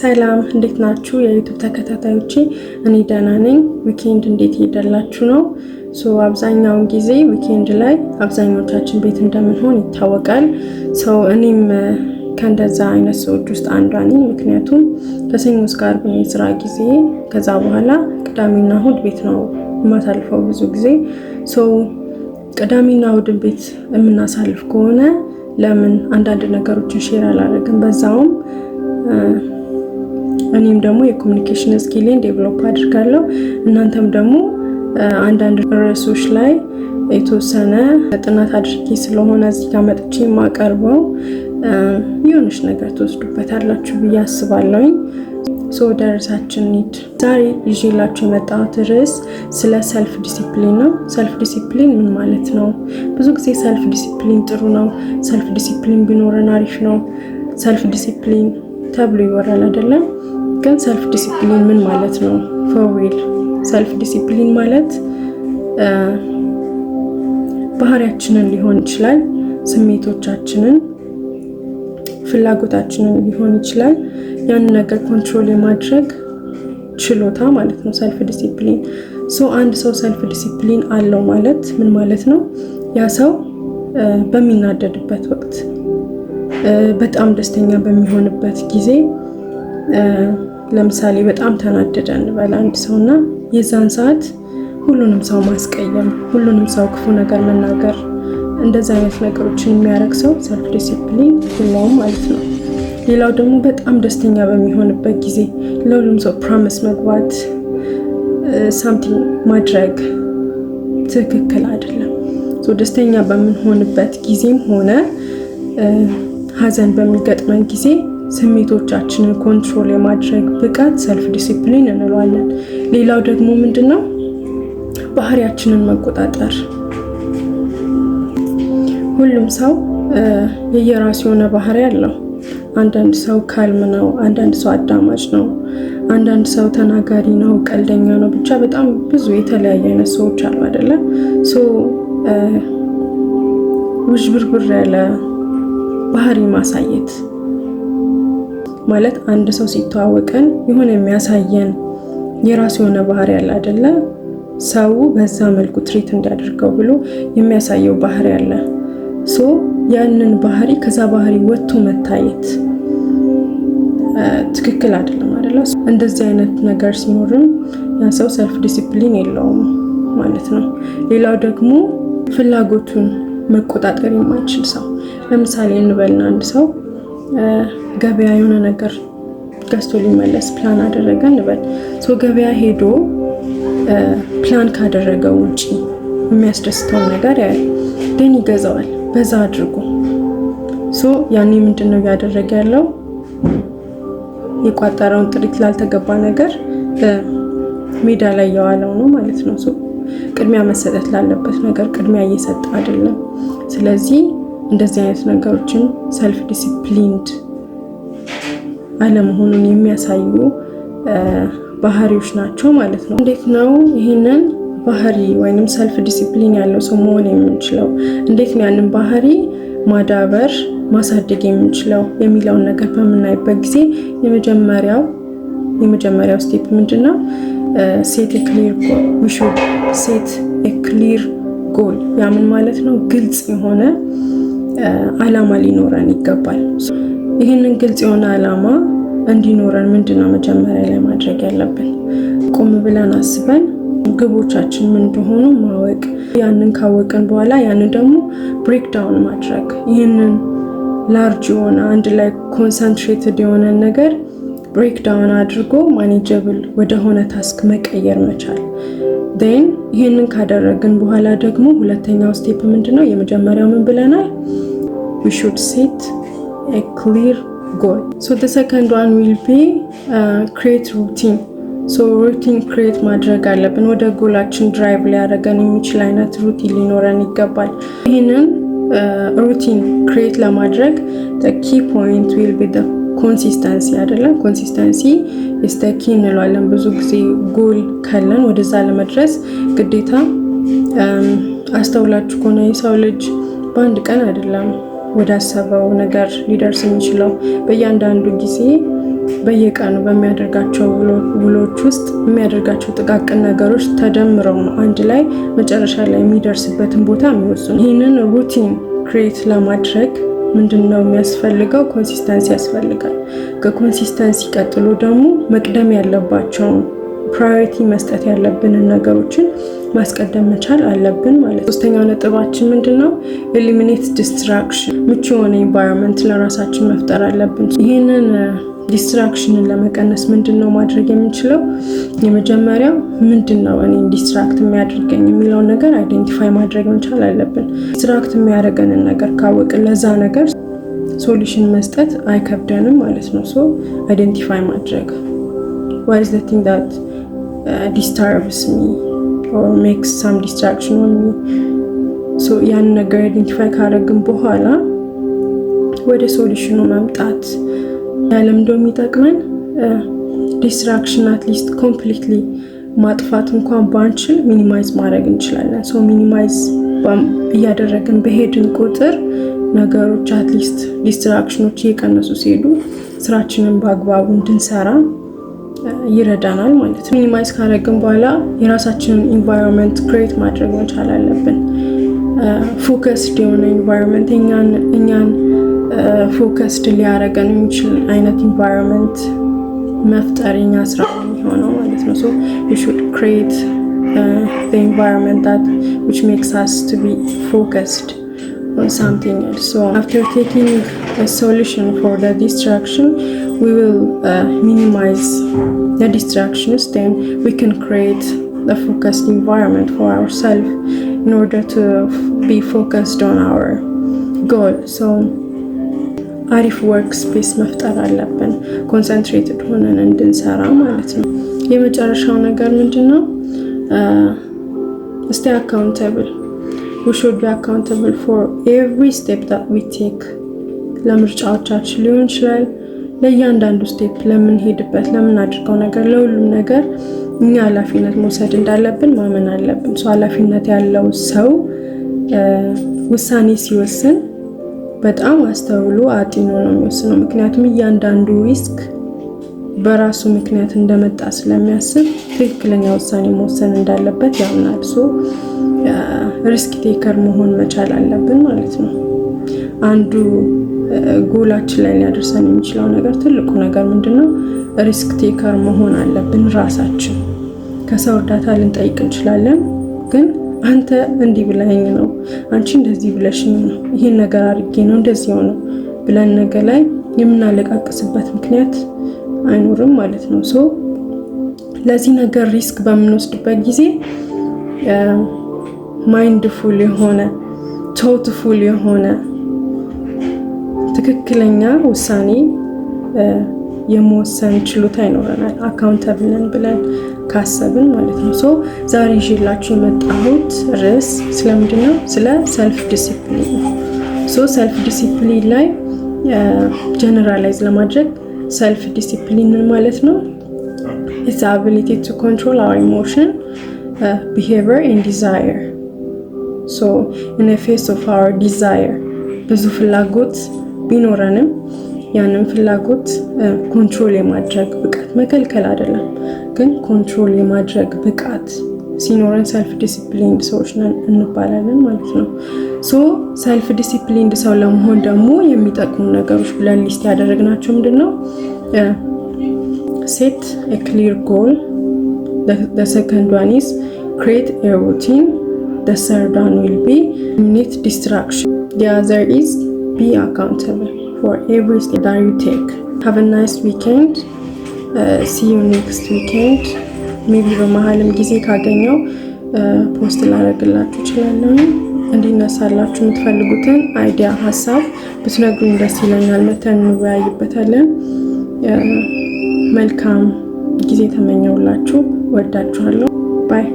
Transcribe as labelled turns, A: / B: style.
A: ሰላም እንዴት ናችሁ? የዩቱብ ተከታታዮቼ እኔ ደህና ነኝ። ዊኬንድ እንዴት ሄደላችሁ ነው? ሶ አብዛኛውን ጊዜ ዊኬንድ ላይ አብዛኞቻችን ቤት እንደምንሆን ይታወቃል። ሶ እኔም ከእንደዛ አይነት ሰዎች ውስጥ አንዷ ነኝ። ምክንያቱም ከሰኞ እስከ ዓርብ ነው የስራ ጊዜ። ከዛ በኋላ ቅዳሜና እሁድ ቤት ነው የማሳልፈው ብዙ ጊዜ። ሶ ቅዳሜና እሁድን ቤት የምናሳልፍ ከሆነ ለምን አንዳንድ ነገሮችን ሼር አላደረግም? በዛውም እኔም ደግሞ የኮሚኒኬሽን ስኪሌን ዴቨሎፕ አድርጋለሁ። እናንተም ደግሞ አንዳንድ ርዕሶች ላይ የተወሰነ ጥናት አድርጌ ስለሆነ እዚህ ጋር መጥቼ የማቀርበው የሆነች ነገር ትወስዱበታላችሁ ብዬ አስባለሁኝ። ሰው ወደ ዛሬ ይዤላችሁ የመጣሁት ርዕስ ስለ ሰልፍ ዲሲፕሊን ነው። ሰልፍ ዲሲፕሊን ምን ማለት ነው? ብዙ ጊዜ ሰልፍ ዲሲፕሊን ጥሩ ነው፣ ሰልፍ ዲሲፕሊን ቢኖረን አሪፍ ነው፣ ሰልፍ ዲሲፕሊን ተብሎ ይወራል አይደለም? ግን ሰልፍ ዲሲፕሊን ምን ማለት ነው? ፎርዌል ሰልፍ ዲሲፕሊን ማለት uh, ባህሪያችንን ሊሆን ይችላል፣ ስሜቶቻችንን፣ ፍላጎታችንን ሊሆን ይችላል። ያንን ነገር ኮንትሮል የማድረግ ችሎታ ማለት ነው ሰልፍ ዲሲፕሊን። ሶ አንድ ሰው ሰልፍ ዲሲፕሊን አለው ማለት ምን ማለት ነው? ያ ሰው uh, በሚናደድበት ወቅት፣ uh, በጣም ደስተኛ በሚሆንበት ጊዜ ለምሳሌ በጣም ተናደደ እንበል አንድ ሰው እና የዛን ሰዓት ሁሉንም ሰው ማስቀየም፣ ሁሉንም ሰው ክፉ ነገር መናገር፣ እንደዚ አይነት ነገሮችን የሚያደርግ ሰው ሰልፍ ዲሲፕሊን ሁላውም ማለት ነው። ሌላው ደግሞ በጣም ደስተኛ በሚሆንበት ጊዜ ለሁሉም ሰው ፕሮሚስ መግባት፣ ሳምቲንግ ማድረግ ትክክል አይደለም። ደስተኛ በምንሆንበት ጊዜም ሆነ ሀዘን በሚገጥመን ጊዜ ስሜቶቻችንን ኮንትሮል የማድረግ ብቃት ሰልፍ ዲሲፕሊን እንለዋለን። ሌላው ደግሞ ምንድን ነው? ባህሪያችንን መቆጣጠር። ሁሉም ሰው የየራሱ የሆነ ባህሪ አለው። አንዳንድ ሰው ካልም ነው፣ አንዳንድ ሰው አዳማጭ ነው፣ አንዳንድ ሰው ተናጋሪ ነው፣ ቀልደኛ ነው። ብቻ በጣም ብዙ የተለያየ አይነት ሰዎች አሉ አይደለም። ውዥብርብር ያለ ባህሪ ማሳየት ማለት አንድ ሰው ሲተዋወቀን የሆነ የሚያሳየን የራሱ የሆነ ባህሪ ያለ አይደለ? ሰው በዛ መልኩ ትሪት እንዲያደርገው ብሎ የሚያሳየው ባህሪ ያለ ሶ ያንን ባህሪ ከዛ ባህሪ ወጥቶ መታየት ትክክል አይደለም አይደለ? እንደዚህ አይነት ነገር ሲኖርም ያ ሰው ሰልፍ ዲሲፕሊን የለውም ማለት ነው። ሌላው ደግሞ ፍላጎቱን መቆጣጠር የማይችል ሰው ለምሳሌ እንበልና አንድ ሰው ገበያ የሆነ ነገር ገዝቶ ሊመለስ ፕላን አደረገ እንበል። ገበያ ሄዶ ፕላን ካደረገው ውጭ የሚያስደስተውን ነገር ያያል፣ ግን ይገዛዋል በዛ አድርጎ። ያኔ ምንድን ነው እያደረገ ያለው? የቋጠረውን ጥሪት ላልተገባ ነገር ሜዳ ላይ የዋለው ነው ማለት ነው። ቅድሚያ መሰጠት ላለበት ነገር ቅድሚያ እየሰጠ አይደለም። ስለዚህ እንደዚህ አይነት ነገሮችን ሰልፍ ዲሲፕሊንድ አለመሆኑን የሚያሳዩ ባህሪዎች ናቸው ማለት ነው። እንዴት ነው ይህንን ባህሪ ወይም ሰልፍ ዲሲፕሊን ያለው ሰው መሆን የምንችለው? እንዴት ነው ያንን ባህሪ ማዳበር ማሳደግ የምንችለው የሚለውን ነገር በምናይበት ጊዜ የመጀመሪያው የመጀመሪያው ስቴፕ ምንድን ነው? ሴት ክሊር ጎል ሹድ ሴት ክሊር ጎል። ያምን ማለት ነው? ግልጽ የሆነ አላማ ሊኖረን ይገባል። ይህንን ግልጽ የሆነ አላማ እንዲኖረን ምንድነው መጀመሪያ ላይ ማድረግ ያለብን? ቁም ብለን አስበን ግቦቻችን ምን እንደሆኑ ማወቅ፣ ያንን ካወቅን በኋላ ያንን ደግሞ ብሬክዳውን ማድረግ፣ ይህንን ላርጅ የሆነ አንድ ላይ ኮንሰንትሬትድ የሆነን ነገር ብሬክዳውን አድርጎ ማኔጀብል ወደ ሆነ ታስክ መቀየር መቻል። ን ይህንን ካደረግን በኋላ ደግሞ ሁለተኛው ስቴፕ ምንድነው? የመጀመሪያው ምን ብለናል? we should set a clear goal. So the second one will be uh, create routine. ሶ ሩቲን ክሬት ማድረግ አለብን። ወደ ጎላችን ድራይቭ ሊያደርገን የሚችል አይነት ሩቲን ሊኖረን ይገባል። ይህንን ሩቲን uh, ክሬት ለማድረግ ኪ ፖይንት ዊል ቢ ኮንሲስተንሲ አይደለም። ኮንሲስተንሲ ስተኪ እንለዋለን ብዙ ጊዜ ጎል ካለን ወደዛ ለመድረስ ግዴታ um, አስተውላችሁ ከሆነ የሰው ልጅ በአንድ ቀን አይደለም ወዳሰበው ነገር ሊደርስ የሚችለው በእያንዳንዱ ጊዜ በየቀኑ በሚያደርጋቸው ውሎች ውስጥ የሚያደርጋቸው ጥቃቅን ነገሮች ተደምረው ነው አንድ ላይ መጨረሻ ላይ የሚደርስበትን ቦታ የሚወስኑ። ይህንን ሩቲን ክሬት ለማድረግ ምንድን ነው የሚያስፈልገው? ኮንሲስተንሲ ያስፈልጋል። ከኮንሲስተንሲ ቀጥሎ ደግሞ መቅደም ያለባቸውን ፕራዮሪቲ መስጠት ያለብንን ነገሮችን ማስቀደም መቻል አለብን ማለት ነው። ሶስተኛው ነጥባችን ምንድን ነው? ኤሊሚኔት ዲስትራክሽን፣ ምቹ የሆነ ኢንቫይሮንመንት ለራሳችን መፍጠር አለብን። ይህንን ዲስትራክሽንን uh, ለመቀነስ ምንድን ነው ማድረግ የምንችለው? የመጀመሪያው ምንድን ነው እኔ ዲስትራክት የሚያደርገኝ የሚለውን ነገር አይደንቲፋይ ማድረግ መቻል አለብን። ዲስትራክት የሚያደርገንን ነገር ካወቅን ለዛ ነገር ሶሉሽን መስጠት አይከብደንም ማለት ነው። ሶ አይደንቲፋይ ማድረግ ዋት ኢዝ ዘ ቲንግ ዳት ዲስታርብስ ሚ ኦር ሜክስ ሳም ዲስትራክሽን ኦን ሚ ሶ ያን ነገር አይደንቲፋይ ካደረግን በኋላ ወደ ሶሉሽኑ መምጣት ያለም የሚጠቅመን ዲስትራክሽን አትሊስት ኮምፕሊትሊ ማጥፋት እንኳን ባንችል ሚኒማይዝ ማድረግ እንችላለን። ሶ ሚኒማይዝ እያደረግን በሄድን ቁጥር ነገሮች አትሊስት ዲስትራክሽኖች እየቀነሱ ሲሄዱ ስራችንን በአግባቡ እንድንሰራ ይረዳናል ማለት ነው። ሚኒማይዝ ካደረግን በኋላ የራሳችንን ኢንቫይሮንመንት ክሬት ማድረግ መቻል አለብን። ፎከስድ የሆነ ኢንቫይሮንመንት እኛን ፎከስድ ሊያደረገን የሚችል አይነት ኢንቫይሮንመንት መፍጠር እኛ ስራ የሚሆነው ማለት ነው። ሶ ዊ ሹድ ክሬት ኢንቫይሮንመንት ዊች ሜክስ አስ ቱ ቢ ፎከስድ on something else. So after taking a solution for the distraction, we will uh, minimize the distractions. Then we can create a focused environment for ourselves in order to be focused on our goal. So አሪፍ ወርክ ስፔስ መፍጠር አለብን፣ ኮንሰንትሬትድ ሆነን እንድንሰራ ማለት ነው። የመጨረሻው ነገር ምንድን ነው? stay አካውንተብል ዊ ሹድ ቢ አካውንታብል ፎር ኤቭሪ ስቴፕ ዳት ዊ ቴክ። ለምርጫዎቻችን ሊሆን ይችላል ለእያንዳንዱ ስቴፕ ለምንሄድበት ለምናድርገው ነገር ለሁሉም ነገር እኛ ኃላፊነት መውሰድ እንዳለብን ማመን አለብን። ሰው ኃላፊነት ያለው ሰው ውሳኔ ሲወስን በጣም አስተውሎ አጢኖ ነው የሚወስነው። ምክንያቱም እያንዳንዱ ሪስክ በራሱ ምክንያት እንደመጣ ስለሚያስብ ትክክለኛ ውሳኔ መወሰን እንዳለበት ያምናል። ሪስክ ቴከር መሆን መቻል አለብን ማለት ነው። አንዱ ጎላችን ላይ ሊያደርሰን የሚችለው ነገር ትልቁ ነገር ምንድነው? ሪስክ ቴከር መሆን አለብን ራሳችን። ከሰው እርዳታ ልንጠይቅ እንችላለን፣ ግን አንተ እንዲህ ብለኸኝ ነው፣ አንቺ እንደዚህ ብለሽኝ ነው፣ ይህን ነገር አድርጌ ነው እንደዚህ ሆነ ብለን ነገ ላይ የምናለቃቅስበት ምክንያት አይኖርም ማለት ነው። ሶ ለዚህ ነገር ሪስክ በምንወስድበት ጊዜ ማይንድፉል የሆነ ቶትፉል የሆነ ትክክለኛ ውሳኔ የመወሰን ችሎታ ይኖረናል። አካውንተብልን ብለን ካሰብን ማለት ነው። ሶ ዛሬ ይዤላችሁ የመጣሁት ርዕስ ስለምንድን ነው? ስለ ሰልፍ ዲሲፕሊን ነው። ሶ ሰልፍ ዲሲፕሊን ላይ ጀነራላይዝ ለማድረግ ሰልፍ ዲሲፕሊን ማለት ነው? ኢትስ አቢሊቲ ቱ ኮንትሮል አወር ኢሞሽን ቢሄቪየር ኤንድ ዲዛየር ሶ ኢን ፌስ ኦፍ አወር ዲዛየር ብዙ ፍላጎት ቢኖረንም ያንን ፍላጎት ኮንትሮል uh, የማድረግ ብቃት መከልከል አይደለም፣ ግን ኮንትሮል የማድረግ ብቃት ሲኖረን ሰልፍ ዲሲፕሊንድ ሰዎች ነን እንባላለን ማለት ነው። ሶ ሰልፍ ዲሲፕሊንድ ሰው ለመሆን ደግሞ የሚጠቅሙ ነገሮች ብለን ሊስት ያደረግናቸው ምንድን ነው? ሴት ክሊር ጎል ዘ ሰከንድ ዋን ኢዝ ክሬት ሩቲን the servant will be need distraction. The other is be accountable for every step that you take. Have a nice weekend. Uh, see you next weekend. ሜቢ በመሀልም ጊዜ ካገኘው ፖስት ላደርግላችሁ እችላለሁ። እንዲነሳላችሁ የምትፈልጉትን አይዲያ ሀሳብ ብትነግሩኝ ደስ ይለኛል። መተን እንወያይበታለን። መልካም ጊዜ ተመኘውላችሁ። ወዳችኋለሁ። ባይ